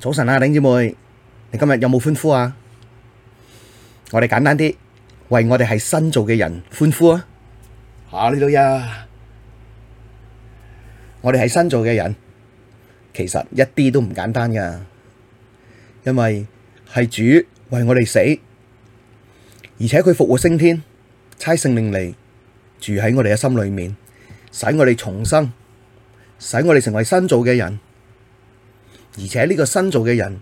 早晨啊，頂姐妹，你今日有冇歡呼啊？我哋簡單啲，為我哋係新造嘅人歡呼啊！吓呢度呀，我哋係新造嘅人，其實一啲都唔簡單噶，因為係主為我哋死，而且佢復活升天，差聖靈嚟住，喺我哋嘅心裏面，使我哋重生，使我哋成為新造嘅人。而且呢個新造嘅人，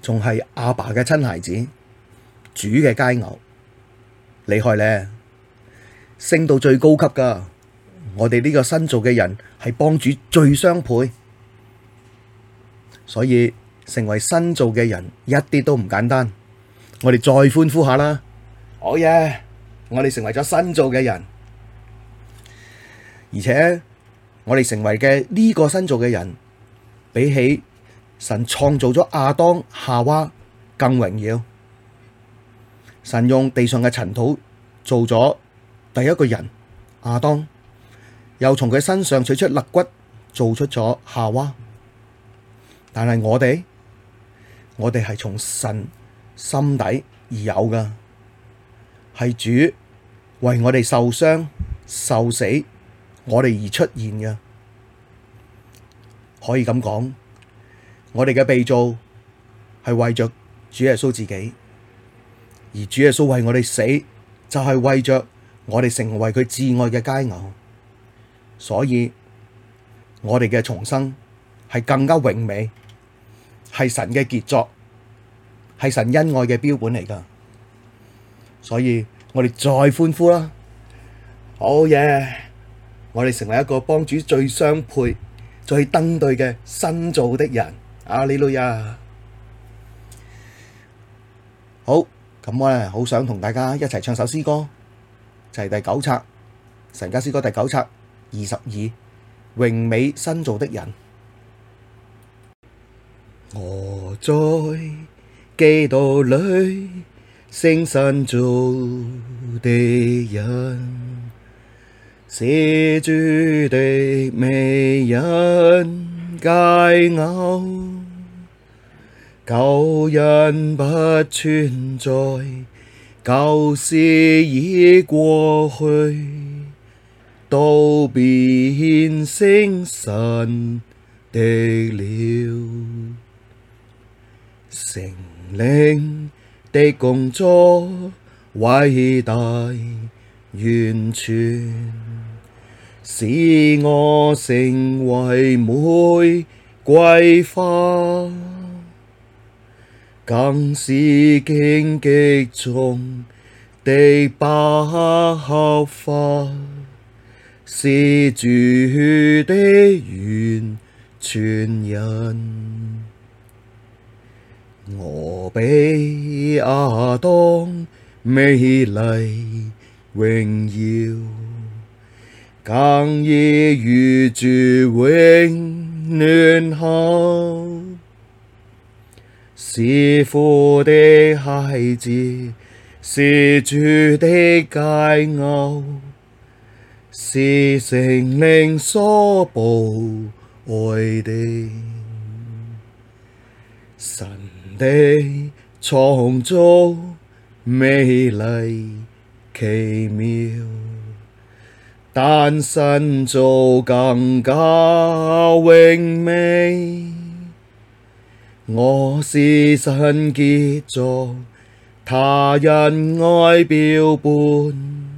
仲係阿爸嘅親孩子，主嘅佳偶，厲害咧！升到最高級噶，我哋呢個新造嘅人係幫主最相配，所以成為新造嘅人一啲都唔簡單。我哋再歡呼下啦！好嘢，我哋成為咗新造嘅人，而且我哋成為嘅呢個新造嘅人，比起神創造咗亞當、夏娃更榮耀。神用地上嘅塵土做咗第一個人亞當，又從佢身上取出肋骨做出咗夏娃。但係我哋，我哋係從神心底而有噶，係主為我哋受傷受死，我哋而出現嘅，可以咁講。我哋嘅被造係為着主耶穌自己，而主耶穌為我哋死，就係為着我哋成為佢至愛嘅佳偶。所以，我哋嘅重生係更加榮美，係神嘅傑作，係神恩愛嘅標本嚟㗎。所以我哋再歡呼啦！好嘢，我哋成為一個幫主最相配、最登對嘅新造的人。阿利路亞，好，咁我哋好想同大家一齊唱首詩歌，就係第九冊《神家詩歌》第九冊二十二，《榮美新造的人》。我在基督裏成新造的人，是主的美人佳偶。舊人不存在，舊事已過去，道都變成新的了。聖靈的工作偉大完全，使我成為玫瑰花。更是荊棘中的百合花，是主的完全人。我比亞當美麗榮耀，更已與主永聯合。是父的孩子，是主的佳偶，是聖靈所寶愛的。神的創造美麗奇妙，但新造更加榮美。我是神傑作，祂恩愛標本，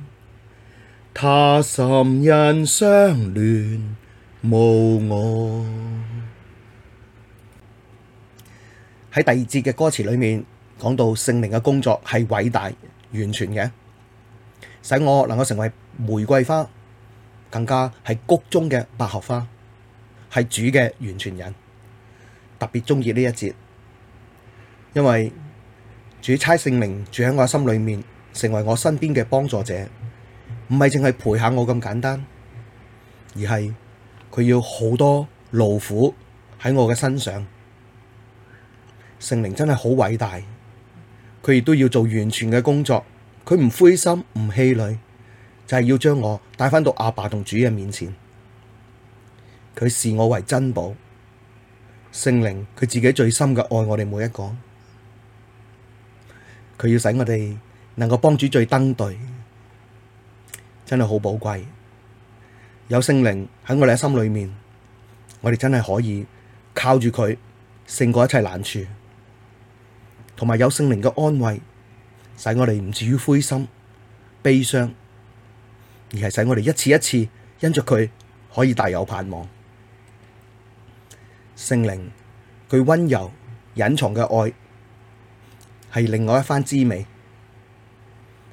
祂心欣賞戀慕我。喺第二節嘅歌詞裏面講到聖靈嘅工作係偉大完全嘅，使我能夠成為玫瑰花，更加係谷中嘅百合花，係主嘅完全人。特別中意呢一節，因為主差聖靈住喺我心裏面，成為我身邊嘅幫助者，唔係淨係陪下我咁簡單，而係佢要好多勞苦喺我嘅身上。聖靈真係好偉大，佢亦都要做完全嘅工作，佢唔灰心唔氣餒，就係要將我帶返到阿爸同主人面前，佢視我為珍寶。聖靈佢自己最深嘅愛我哋每一個，佢要使我哋能夠幫主最登對，真係好寶貴。有聖靈喺我哋嘅心裏面，我哋真係可以靠住佢勝過一切難處，同埋有聖靈嘅安慰，使我哋唔至於灰心悲傷，而係使我哋一次一次因着佢可以大有盼望。聖靈佢溫柔隱藏嘅愛係另外一番滋味。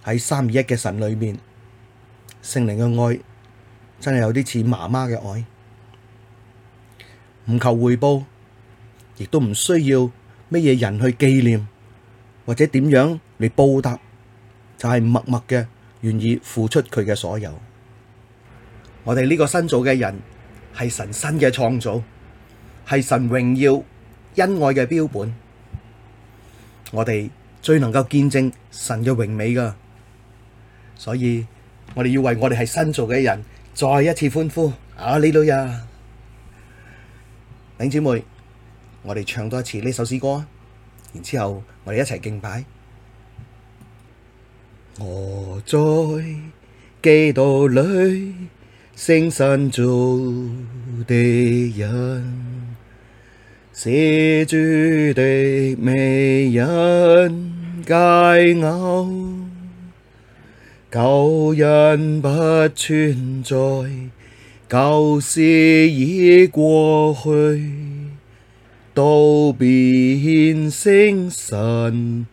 喺三二一嘅神裏面，聖靈嘅愛真係有啲似媽媽嘅愛，唔求回報，亦都唔需要乜嘢人去紀念或者點樣嚟報答，就係、是、默默嘅願意付出佢嘅所有。我哋呢個新造嘅人係神新嘅創造。係神榮耀恩愛嘅標本，我哋最能夠見證神嘅榮美噶，所以我哋要為我哋係新造嘅人再一次歡呼啊！呢度呀，弟兄姊妹，我哋唱多一次呢首詩歌啊，然之後我哋一齊敬拜。我在基督裡，成新造的人。是主的美人、佳偶。舊人不存在，舊事已過去，都變成新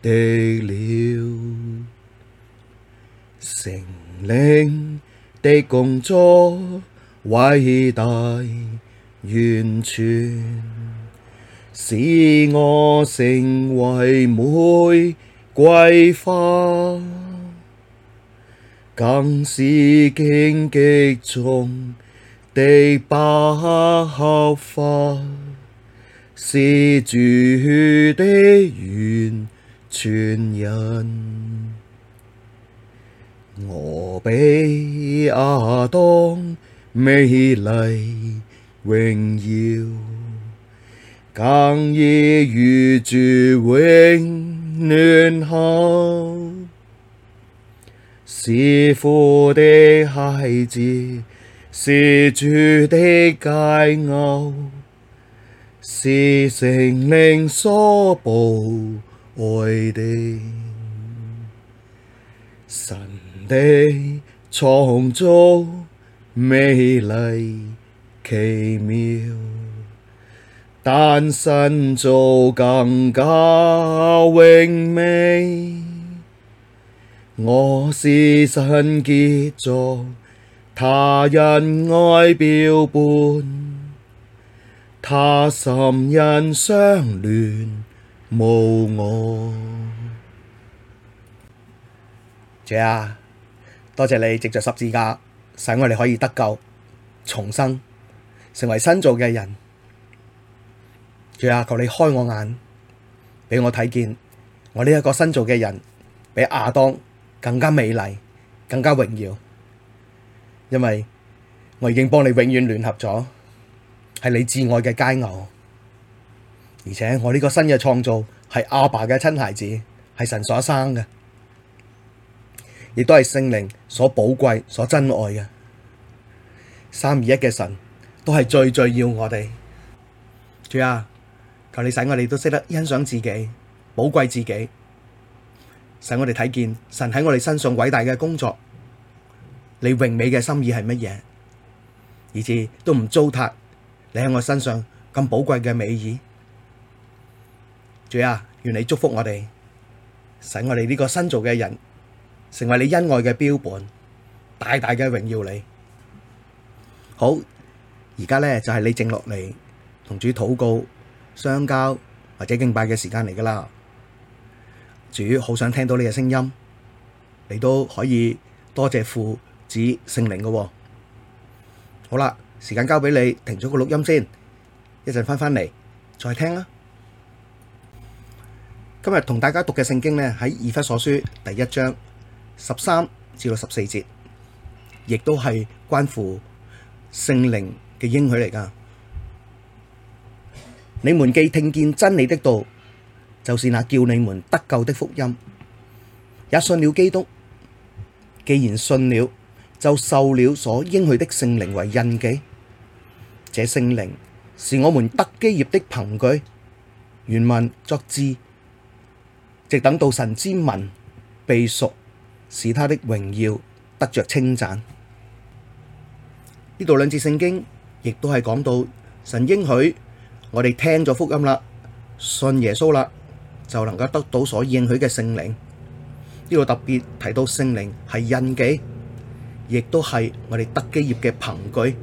的了。聖靈的工作偉大完全。使我成為玫瑰花，更是荊棘中的百合花，是主的完全人，我比亞當美麗榮耀。更已與主永聯合，是父的孩子，是主的佳偶，是聖靈所寶愛的，神的創造美麗奇妙。但新造更加榮美，我是神傑作，祂恩愛標本。祂心欣賞戀慕我。主啊，多謝你藉着十字架，使我哋可以得救重生，成為新造嘅人。主啊，求你開我眼，俾我睇見我呢一個新造嘅人，比亞當更加美麗，更加榮耀。因為我已經幫你永遠聯合咗，係你至愛嘅佳偶。而且我呢個新嘅創造係阿爸嘅親孩子，係神所生嘅，亦都係聖靈所寶貴、所珍愛嘅。三二一嘅神都係最最要我哋，主啊！求你使我哋都識得欣賞自己，寶貴自己，使我哋睇見神喺我哋身上偉大嘅工作，你榮美嘅心意係乜嘢？以致都唔糟蹋你喺我身上咁寶貴嘅美意。主啊，願你祝福我哋，使我哋呢個新造嘅人成為你恩愛嘅標本，大大嘅榮耀你。好，而家咧就係、是、你靜落嚟同主禱告。相交或者敬拜嘅時間嚟噶啦，主好想聽到你嘅聲音，你都可以多謝父子聖靈㗎喎。好啦，時間交俾你停咗個錄音先，一陣翻返嚟再聽啦。今日同大家讀嘅聖經呢，喺以弗所書第一章十三至到十四節，亦都係關乎聖靈嘅應許嚟噶。你們既聽見真理的道，就是那叫你們得救的福音，也信了基督。既然信了，就受了所應許的聖靈為印記。這聖靈是我們得基業的憑據。原文作之：「直等到神之民被贖，使他的榮耀，得着稱讚。呢度兩節聖經，亦都係講到神應許。我哋聽咗福音啦，信耶穌啦，就能夠得到所應許嘅聖靈。呢度特別提到聖靈係印記，亦都係我哋得基業嘅憑據。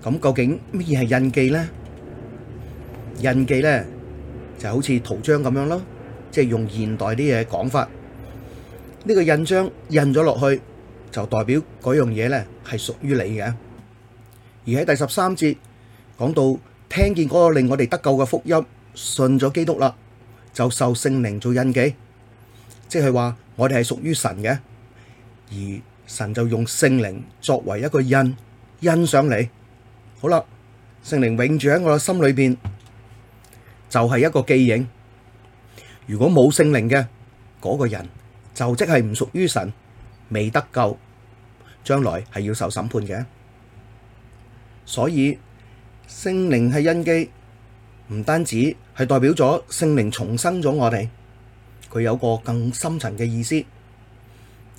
咁究竟乜嘢係印記呢？印記咧就好似圖章咁樣咯，即係用現代啲嘢講法，呢個印章印咗落去就代表嗰樣嘢咧係屬於你嘅。而喺第十三節講到。聽見嗰個令我哋得救嘅福音，信咗基督啦，就受聖靈做印記，即係話我哋係屬於神嘅，而神就用聖靈作為一個印印上你。好啦，聖靈永住喺我嘅心裏邊，就係、是、一個記憶。如果冇聖靈嘅嗰、那個人，就即係唔屬於神，未得救，將來係要受審判嘅。所以。聖靈係印記，唔單止係代表咗聖靈重生咗我哋，佢有個更深層嘅意思，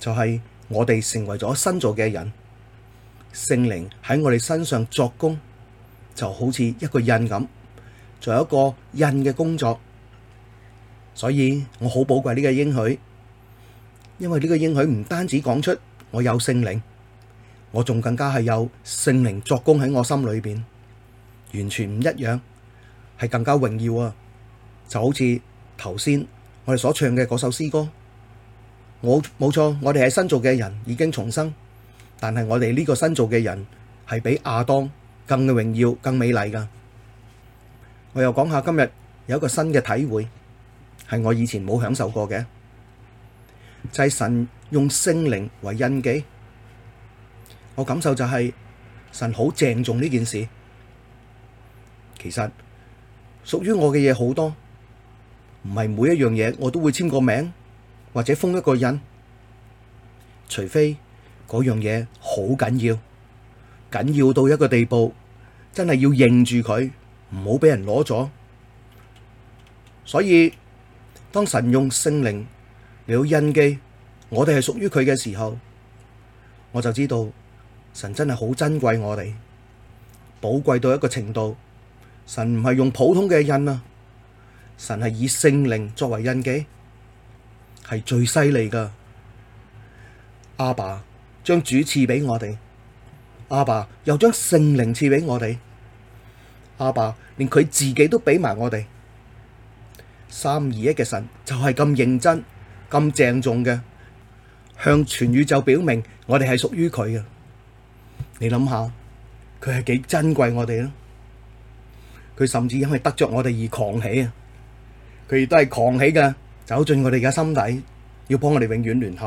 就係、是、我哋成為咗新造嘅人，聖靈喺我哋身上作工，就好似一個印咁，做一個印嘅工作。所以我好寶貴呢個應許，因為呢個應許唔單止講出我有聖靈，我仲更加係有聖靈作工喺我心裏邊。完全唔一樣，係更加榮耀啊！就好似頭先我哋所唱嘅嗰首詩歌，我冇錯，我哋係新造嘅人已經重生，但係我哋呢個新造嘅人係比亞當更嘅榮耀、更美麗㗎。我又講下今日有一個新嘅體會，係我以前冇享受過嘅，就係神用聖靈為印記，我感受就係神好鄭重呢件事。其實屬於我嘅嘢好多，唔係每一樣嘢我都會簽個名或者封一個印。除非嗰樣嘢好緊要，緊要到一個地步，真係要認住佢，唔好俾人攞咗。所以當神用聖靈嚟到印記，我哋係屬於佢嘅時候，我就知道神真係好珍貴我哋，寶貴到一個程度。神唔係用普通嘅印啊，神係以聖靈作為印記，係最犀利噶。阿爸將主賜俾我哋，阿爸又將聖靈賜俾我哋，阿爸連佢自己都俾埋我哋。三二一嘅神就係咁認真、咁鄭重嘅，向全宇宙表明我哋係屬於佢嘅。你諗下，佢係幾珍貴我哋啊？佢甚至因為得着我哋而狂喜，啊！佢亦都係狂喜嘅，走進我哋嘅心底，要幫我哋永遠聯合。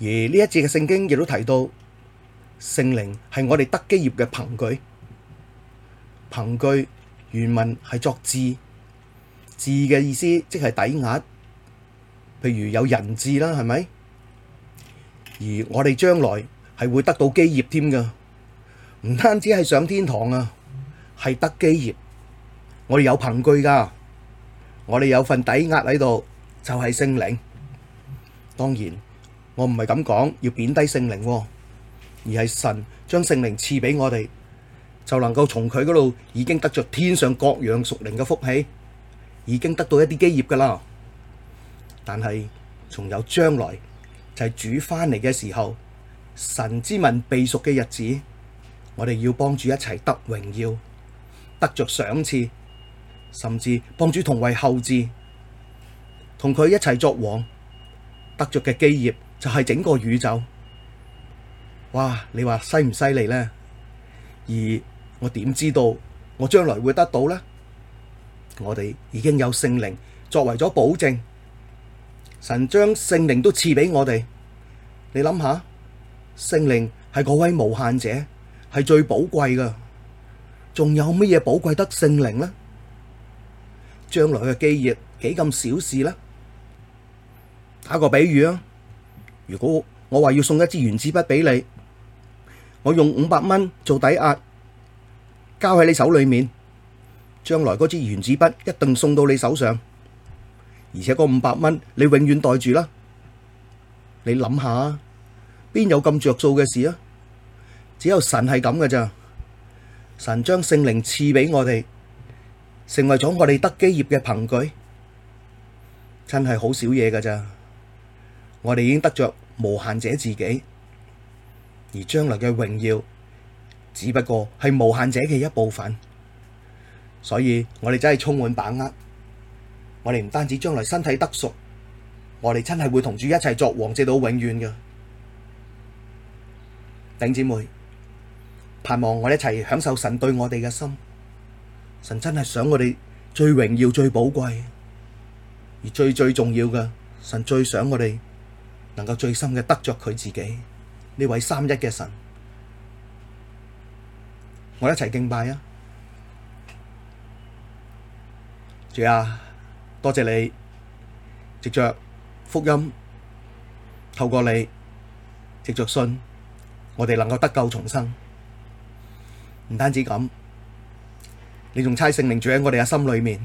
而呢一節嘅聖經亦都提到，聖靈係我哋得基業嘅憑據，憑據原文係作質，質嘅意思即係抵押，譬如有人質啦，係咪？而我哋將來係會得到基業添噶。唔單止係上天堂啊，係得基業。我哋有憑據㗎，我哋有份抵押喺度，就係聖靈。當然，我唔係咁講，要貶低聖靈啊，而係神將聖靈賜俾我哋，就能夠從佢嗰度已經得着天上各樣屬靈嘅福氣，已經得到一啲基業㗎啦。但係，仲有將來就係、是、主翻嚟嘅時候，神之民被贖嘅日子。我哋要幫助一齊得榮耀，得着賞賜，甚至幫助同為後嗣，同佢一齊作王，得着嘅基業就係整個宇宙。哇！你話犀唔犀利呢？而我點知道我將來會得到呢？我哋已經有聖靈作為咗保證，神將聖靈都賜俾我哋。你諗下，聖靈係嗰位無限者。係最寶貴噶，仲有乜嘢寶貴得聖靈呢？將來嘅基業幾咁小事呢？打個比喻啊，如果我話要送一支原子筆俾你，我用五百蚊做抵押，交喺你手裏面，將來嗰支原子筆一定送到你手上，而且嗰五百蚊你永遠袋住啦。你諗下，邊有咁着數嘅事啊？只有神係咁嘅咋，神將聖靈賜俾我哋，成為咗我哋得基業嘅憑據，真係好少嘢噶咋！我哋已經得着無限者自己，而將來嘅榮耀只不過係無限者嘅一部分，所以我哋真係充滿把握。我哋唔單止將來身體得贖，我哋真係會同主一齊作王，直到永遠嘅，頂姊妹。盼望我哋一齊享受神對我哋嘅心，神真係想我哋最榮耀、最寶貴而最最重要嘅。神最想我哋能夠最深嘅得着佢自己呢位三一嘅神。我一齊敬拜啊！主啊，多謝你，藉着福音透過你，藉着信，我哋能夠得救重生。唔單止咁，你仲猜聖靈住喺我哋嘅心裏面，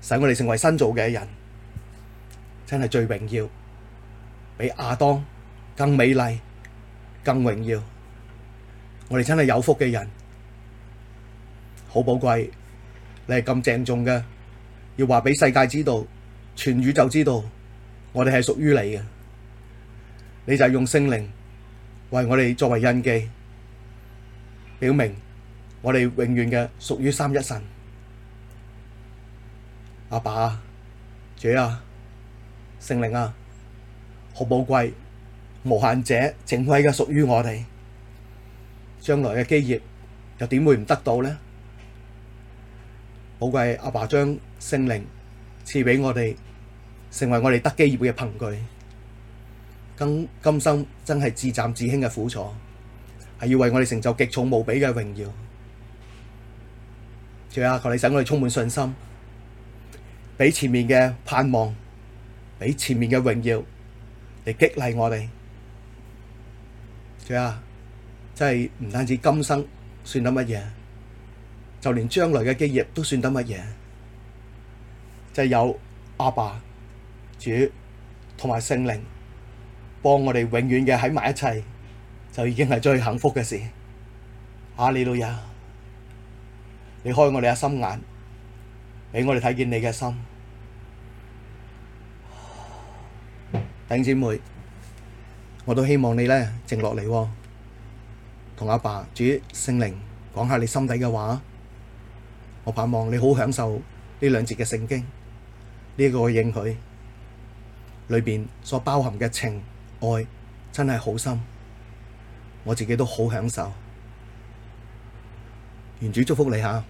使我哋成為新造嘅人，真係最榮耀，比亞當更美麗、更榮耀。我哋真係有福嘅人，好寶貴，你係咁鄭重嘅，要話俾世界知道、全宇宙知道，我哋係屬於你嘅。你就係用聖靈為我哋作為印記。表明我哋永遠嘅屬於三一神，阿爸，爸啊，主啊，聖靈啊，好寶貴，無限者、正位嘅屬於我哋，將來嘅基業又點會唔得到呢？寶貴阿爸將聖靈賜俾我哋，成為我哋得基業嘅憑據。更今生真係至暫至輕嘅苦楚。係要為我哋成就極重無比嘅榮耀，主啊，求你使我哋充滿信心，俾前面嘅盼望，俾前面嘅榮耀嚟激勵我哋。主啊，即係唔單止今生算得乜嘢，就連將來嘅基業都算得乜嘢，即係有阿爸主同埋聖靈幫我哋永遠嘅喺埋一齊。就已經係最幸福嘅事，阿、啊、李老友，你開我哋嘅心眼，俾我哋睇見你嘅心，弟兄姐妹，我都希望你呢靜落嚟，同阿、哦、爸，爸主聖靈講下你心底嘅話。我盼望你好享受呢兩節嘅聖經，呢、這個應許裏邊所包含嘅情愛真係好深。我自己都好享受，願主祝福你嚇。